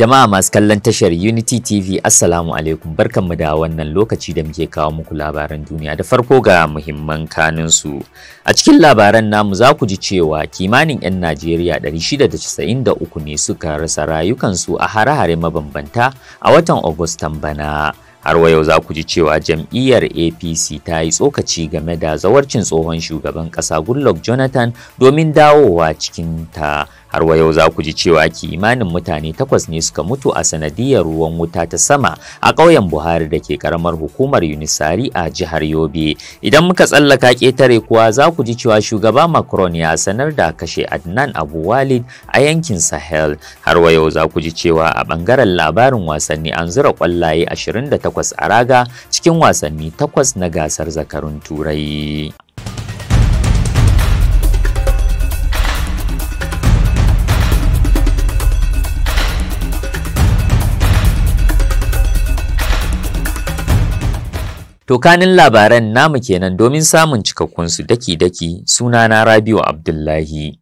Jama'a masu kallon tashar Unity TV Assalamu alaikum barkanmu da wannan lokaci da muke kawo muku labaran duniya da farko ga muhimman kanunsu. A cikin labaran namu za ku ji cewa kimanin 'yan Najeriya 693 ne suka rasa rayukansu a hare-hare mabambanta a watan Agustan bana. har wa za ku ji cewa jam'iyyar apc ta yi tsokaci game da zawarcin tsohon shugaban ƙasa goodluck jonathan domin dawowa cikin ta har wa yau za ku ji cewa kimanin mutane takwas ne suka mutu a sanadiyar ruwan wuta ta sama a ƙauyen buhari da ke karamar hukumar unisari a jihar yobe idan muka tsallaka ƙetare kuwa za ku ji cewa shugaba macron ya sanar da kashe adnan abu walid a yankin sahel har wa yau za ku ji cewa a ɓangaren labarin wasanni an zura ƙwallaye 28 a raga cikin wasanni takwas na gasar zakarun turai To kanin labaran namu kenan domin samun cikakkunsu daki-daki sunana Rabiu Abdullahi.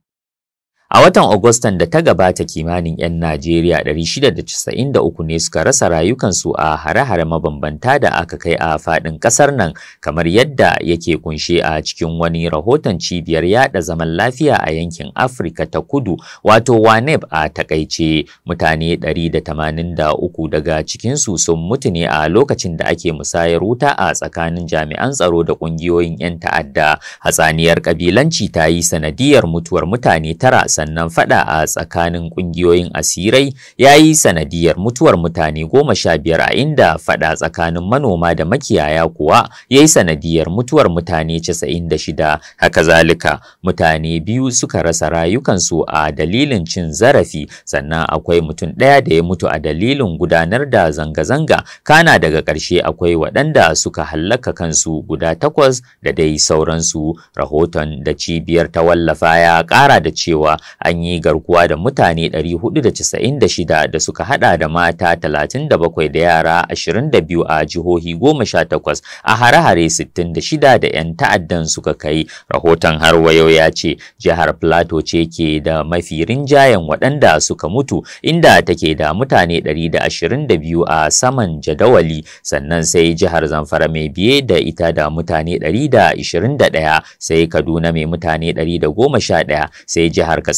A watan Agustan da ta gabata kimanin 'yan Najeriya 693 ne suka rasa rayukansu a hare-hare mabambanta da aka kai a faɗin ƙasar nan kamar yadda yake kunshe a cikin wani rahoton cibiyar yada zaman lafiya a yankin Afirka ta kudu wato WANEB a e takaice mutane 183 daga cikinsu sun mutu ne a lokacin da ake musayar wuta a tsakanin jami'an tsaro da ƙungiyoyin 'yan ta'adda. Hatsaniyar ƙabilanci ta yi sanadiyar mutuwar mutane tara sannan fada a tsakanin kungiyoyin asirai ya yi sanadiyar mutuwar mutane goma sha biyar a inda fada tsakanin manoma da makiyaya kuwa ya yi sanadiyar mutuwar mutane casa'in da shida haka zalika mutane biyu suka rasa rayukansu a dalilin cin zarafi sannan akwai mutum ɗaya da ya mutu a dalilin gudanar da zanga-zanga kana daga ƙarshe akwai waɗanda suka hallaka kansu guda takwas da dai sauransu rahoton da cibiyar ta wallafa ya ƙara da cewa an yi garkuwa da mutane 496 da suka hada da mata 37 da yara 22 a jihohi 18 a hare-hare 66 da 'yan ta'addan suka kai. Rahoton har wayau ya ce jihar Plateau ce ke da mafi rinjayen waɗanda suka mutu inda take da mutane 122 a saman jadawali sannan sai jihar Zamfara mai biye da ita da mutane 121 sai Kaduna mai mutane 111 sai jihar Katsina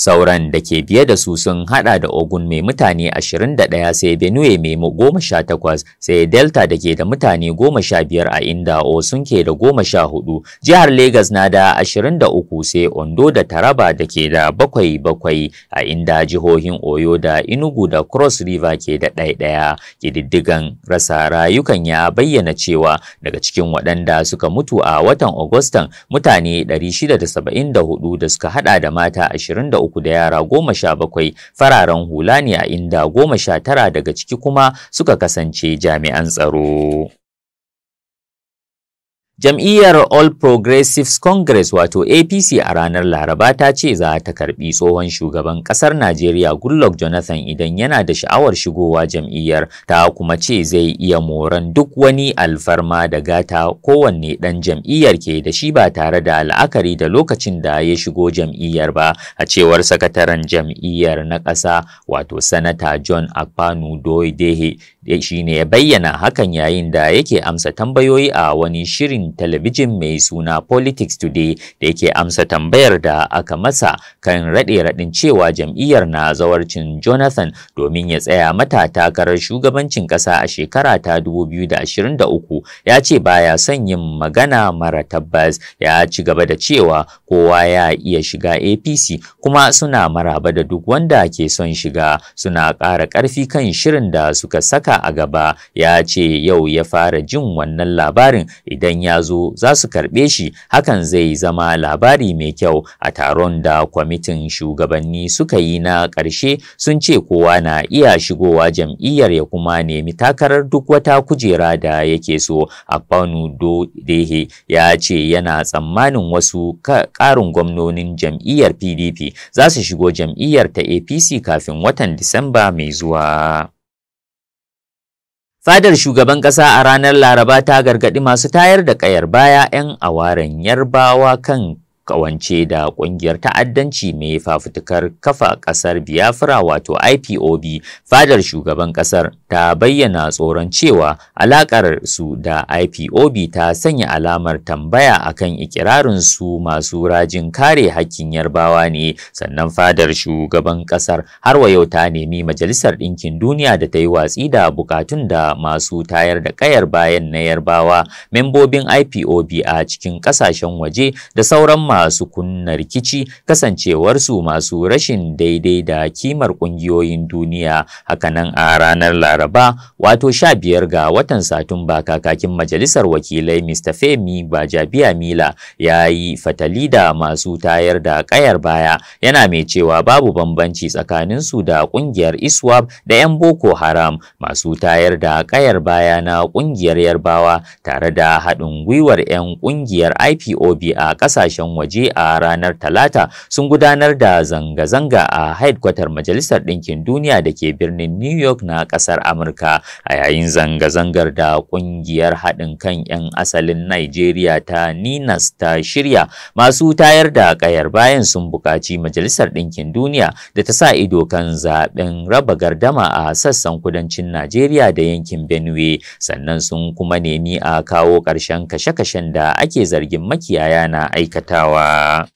Sauran da ke biye da su sun hada da Ogun mai mutane 21 sai Benue mai 18 sai Delta da ke da mutane 15 a inda sun ke da 14. Jihar Legas na da 23 sai Ondo da Taraba da ke da bakwai bakwai a inda jihohin Oyo da Inugu da Cross River ke da ɗaya-ɗaya. Ƙididdigan rasa rayukan ya bayyana cewa daga cikin waɗanda suka mutu a watan Agustan mutane 674 da suka hada da mata 23 uku da yara goma sha bakwai fararen hula ne a inda goma sha tara daga ciki kuma suka kasance jami'an tsaro. Jam'iyyar All Progressives Congress wato APC a ranar Laraba ta ce za ta karbi tsohon shugaban kasar Najeriya Goodluck Jonathan idan yana da sha'awar shigowa jam'iyyar ta kuma ce zai iya moran duk wani alfarma da gata kowanne dan jam'iyyar ke da shi ba tare da la'akari da lokacin da ya shigo jam'iyyar ba a cewar sakataren jam'iyyar na ƙasa wato Sanata John Akpanu Doidehe shine ya bayyana hakan yayin da yake amsa tambayoyi a wani shirin Television talabijin mai suna Politics Today da yake amsa tambayar da aka masa kan raɗe-raɗin cewa jam'iyyar na zawarcin Jonathan domin ya tsaya mata takarar shugabancin ƙasa a shekara ta 2023 ya ce baya son yin magana mara tabbas ya ci gaba da cewa kowa ya iya shiga APC kuma suna maraba da duk wanda ke son shiga suna ƙara ƙarfi kan shirin da suka saka a gaba ya ce yau ya fara jin wannan labarin idan ya zo za su karɓe shi hakan zai zama labari mai kyau a taron da kwamitin shugabanni suka yi na ƙarshe sun ce kowa na iya shigowa jam'iyyar ya kuma nemi takarar duk wata kujera da yake so Akpanu Dehe ya ce yana tsammanin wasu ƙarin gwamnonin jam'iyyar PDP za su shigo jam'iyyar ta APC kafin watan Disamba mai zuwa. Fadar shugaban ƙasa a ranar Laraba ta gargaɗi masu tayar da ƙayar baya 'yan awaren Yarbawa kan kawance da kungiyar ta'addanci mai fafutukar kafa kasar Biafra wato IPOB fadar shugaban kasar ta bayyana tsoron cewa alakar su da IPOB ta sanya alamar tambaya akan ikirarin su masu rajin kare hakkin yarbawa ne sannan fadar shugaban kasar har wa yau ta nemi majalisar ɗinkin duniya da ta yi watsi da bukatun da masu tayar da kayar bayan na yarbawa membobin IPOB a cikin kasashen waje da sauran masu kunna rikici kasancewarsu masu rashin daidai da kimar ƙungiyoyin duniya hakanan a ranar laraba wato sha biyar ga watan satumba kakakin majalisar wakilai mr femi bajabiya mila ya yi fatali da masu tayar da ƙayar baya yana mai cewa babu bambanci tsakanin su da ƙungiyar ISWAB da 'yan boko haram masu tayar da ƙayar baya na ƙungiyar yarbawa tare da haɗin gwiwar 'yan ƙungiyar ipob a ƙasashen waje a ranar Talata sun gudanar da zanga-zanga a haidkwatar Majalisar Ɗinkin Duniya da ke birnin New York na ƙasar Amurka a yayin zanga-zangar da ƙungiyar haɗin kan 'yan asalin Nigeria ta Ninas ta shirya masu tayar da ƙayar bayan sun buƙaci Majalisar Ɗinkin Duniya da ta sa ido kan zaɓen raba gardama a sassan kudancin Nigeria da yankin Benue sannan sun kuma nemi a kawo ƙarshen kashe-kashen da ake zargin makiyaya na aikatawa. 哇。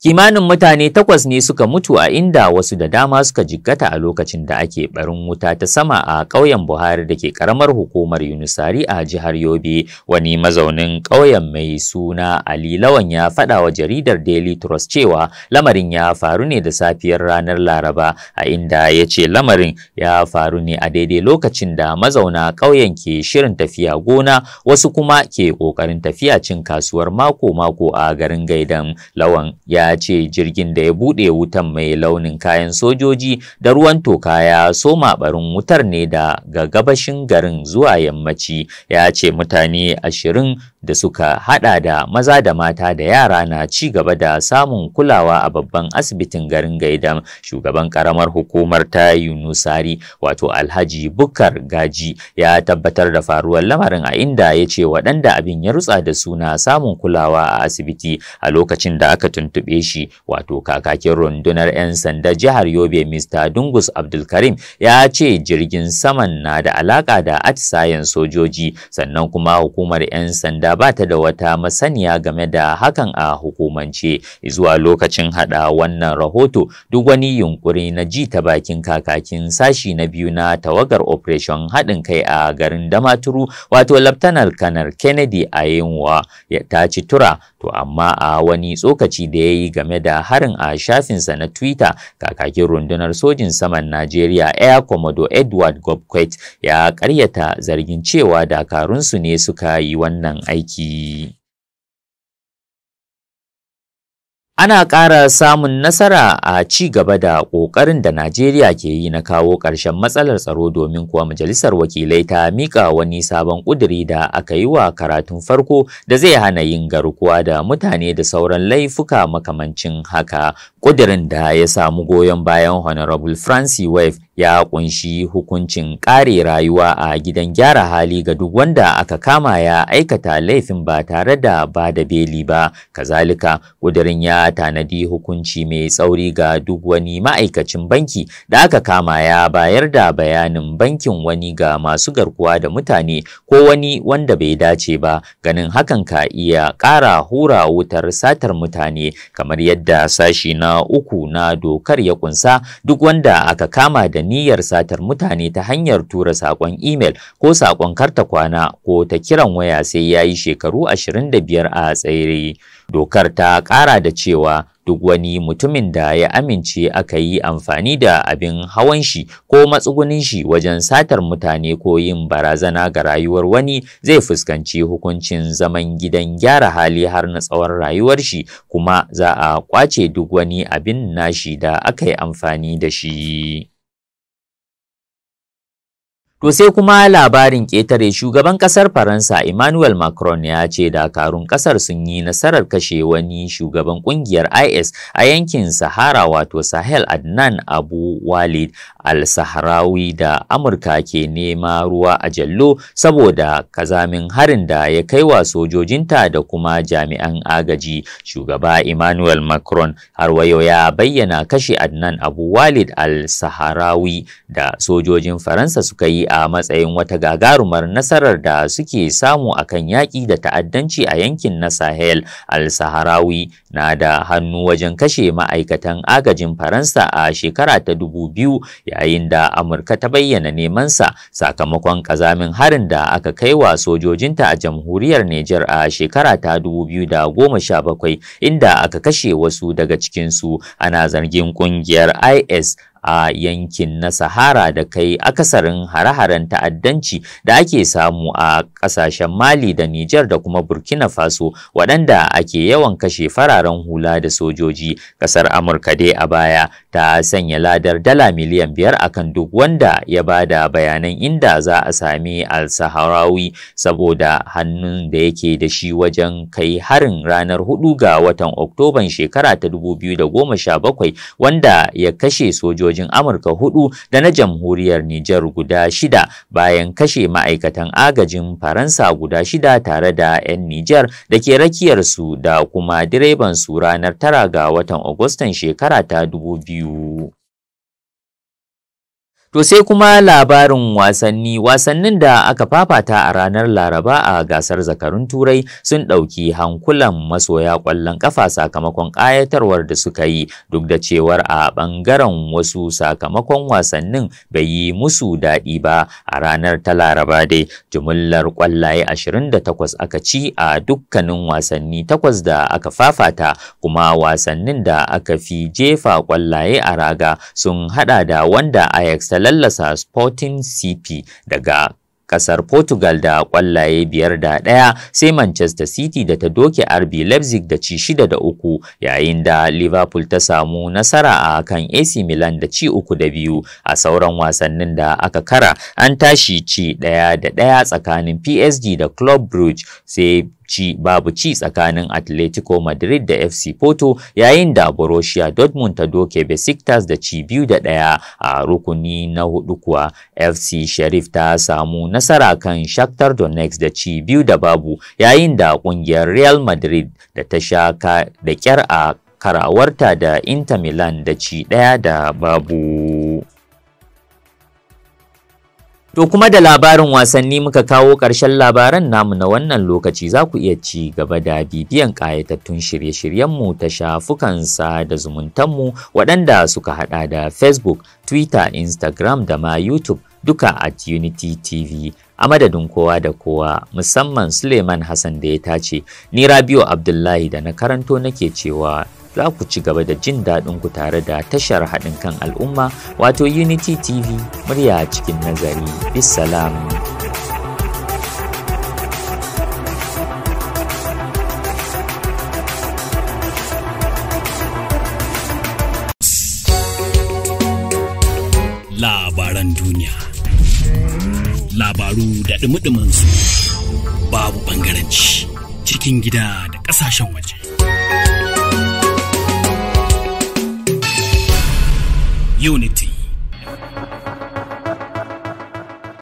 Kimanin mutane takwas ne suka mutu a inda wasu da dama suka jikkata a lokacin da ake barin wuta ta sama a ƙauyen Buhari da ke ƙaramar hukumar Yunusari a jihar Yobe. Wani mazaunin ƙauyen mai suna Ali Lawan ya faɗa wa jaridar Daily Trust cewa lamarin ya faru ne da safiyar ranar Laraba a inda ya ce lamarin ya faru ne a daidai lokacin da mazauna ƙauyen ke shirin tafiya gona wasu kuma ke ƙoƙarin tafiya cin kasuwar mako-mako a garin Gaidan. Lawan ya ya ce jirgin da ya buɗe wutan mai launin kayan sojoji da ruwan toka ya soma barin wutar ne da ga gabashin garin zuwa yammaci ya ce mutane ashirin da suka hada da maza da mata da yara na ci gaba da samun kulawa a babban asibitin garin gaidam shugaban karamar hukumar ta yunusari wato alhaji bukar gaji ya tabbatar da faruwar lamarin a inda ya ce waɗanda abin ya rutsa da suna samun kulawa a asibiti a lokacin da aka tuntuɓe shi wato kakakin rundunar 'yan sanda jihar yobe mr dungus abdulkarim ya ce jirgin saman na da alaka da atisayen sojoji sannan kuma hukumar 'yan sanda da ba ta da wata masaniya game da hakan a hukumance zuwa lokacin hada wannan rahoto duk wani yunkuri na ji ta bakin kakakin sashi na biyu na tawagar operation haɗin kai a garin damaturu wato laftanar kanar kennedy a yinwa ta ci tura To amma a wani tsokaci da ya yi game da harin a shafinsa na Twitter kakakin rundunar sojin saman Najeriya Air Commodore Edward Gobquet ya karyata zargin cewa dakarunsu ne suka yi wannan aiki. ana ƙara samun nasara a ci gaba da ƙoƙarin da Najeriya ke yi na kawo ƙarshen matsalar tsaro domin kuwa Majalisar Wakilai ta miƙa wani sabon ƙuduri da aka yi wa karatun farko da zai hana yin garkuwa da mutane da sauran laifuka makamancin haka. Ƙudurin da ya samu goyon bayan Honorable Francis Wave ya ƙunshi hukuncin ƙare rayuwa a gidan gyara hali ga duk wanda aka kama ya aikata laifin ba tare da ba da beli ba. Kazalika, ƙudurin ya a tanadi hukunci mai tsauri ga duk wani ma'aikacin banki da aka kama ya bayar da bayanin bankin wani ga masu garkuwa da mutane ko wani wanda bai dace ba ganin hakan ka iya ƙara hura wutar satar mutane kamar yadda sashi na uku na dokar ya kunsa duk wanda aka kama da niyyar satar mutane ta hanyar tura saƙon imel ko saƙon karta kwana ko ta kiran waya sai ya yi shekaru 25 a tsere. Dokar ta ƙara da cewa duk wani mutumin da ya amince aka yi amfani da abin hawan shi ko matsugunin shi wajen satar mutane ko yin barazana ga rayuwar wani zai fuskanci hukuncin zaman gidan gyara hali har na tsawon rayuwar shi kuma za a kwace duk wani abin nashi da aka yi amfani da shi. To sai kuma labarin ƙetare shugaban ƙasar Faransa Emmanuel Macron ya ce dakarun ƙasar sun yi nasarar kashe wani shugaban ƙungiyar IS a yankin Sahara wato Sahel Adnan Abu Walid al-sahrawi da amurka ke nema ruwa a jallo saboda kazamin harin da ya kai wa sojojinta da kuma jami'an agaji shugaba emmanuel macron har wayo ya bayyana kashe adnan abu walid al-sahrawi da sojojin faransa suka yi a matsayin wata gagarumar nasarar da suke samu a kan yaƙi da ta'addanci a yankin na sahel al-sahrawi na da hannu wajen kashe ma'aikatan agajin faransa a shekara ta dubu biyu yayin da Amurka ta bayyana neman sa sakamakon kazamin harin da aka kai wa sojojinta a jamhuriyar niger a shekara ta 2017 inda aka kashe wasu daga cikin su ana zargin kungiyar IS a yankin na Sahara da kai akasarin hare-haren ta'addanci da ake samu a kasashen Mali da niger da kuma Burkina Faso waɗanda ake yawan kashe fararen hula da sojoji. kasar Amurka dai a baya ta sanya ladar dala miliyan biyar a kan duk wanda ya ba da bayanan inda za a sami al-saharawi saboda hannun da yake da shi wajen kai harin ranar hudu ga watan oktoban shekara ta 2017 wanda ya kashe sojojin amurka hudu da na jamhuriyar nijar guda shida bayan kashe ma'aikatan agajin faransa guda shida tare da 'yan nijar da ke rakiyarsu da kuma direban su ranar tara ga watan agustan shekara ta 2000 e o To sai kuma labarin wasanni wasannin da aka fafata a ranar Laraba a gasar zakarun Turai sun ɗauki hankulan masoya ƙwallon ƙafa sakamakon ƙayatarwar da suka yi duk da cewar a ɓangaren wasu sakamakon wasannin bai yi musu daɗi ba a ranar ta Laraba dai jumillar ƙwallaye 28 aka ci a dukkanin wasanni takwas da aka fafata kuma wasannin da aka fi jefa ƙwallaye a raga sun haɗa da wanda Ajax ta lallasa sporting cp daga kasar Portugal da kwallaye biyar da ɗaya sai Manchester City da ta doke RB Leipzig da ci shida da uku yayin da Liverpool ta samu nasara a kan AC Milan da ci uku da biyu a sauran wasannin da aka kara an tashi ci ɗaya da ɗaya tsakanin PSG da Club Brugge sai ci babu ci tsakanin Atletico Madrid da FC Porto yayin da Borussia Dortmund ta doke Besiktas da ci biyu da ɗaya a rukuni na hudu kuwa FC Sheriff ta samu nasara kan Shakhtar Donetsk da ci biyu da babu yayin da ƙungiyar Real Madrid da ta sha da kyar a karawarta da Inter Milan da ci ɗaya da babu. To kuma da labarin wasanni muka kawo ƙarshen labaran namu na wannan lokaci za ku iya ci gaba da bibiyan ƙayatattun shirye-shiryenmu ta shafukansa da zumuntanmu waɗanda suka haɗa da Facebook, Twitter, Instagram da ma YouTube duka at Unity TV. A madadin kowa da kowa musamman Suleiman Hassan da ya tace, ni Rabiu Abdullahi da na karanto nake cewa za ku ci gaba da jin daɗin ku tare da tashar haɗin kan al'umma wato unity tv murya cikin nazari bisalam labaran duniya labaru da ɗumi su babu ɓangaranci cikin gida da ƙasashen waje unity.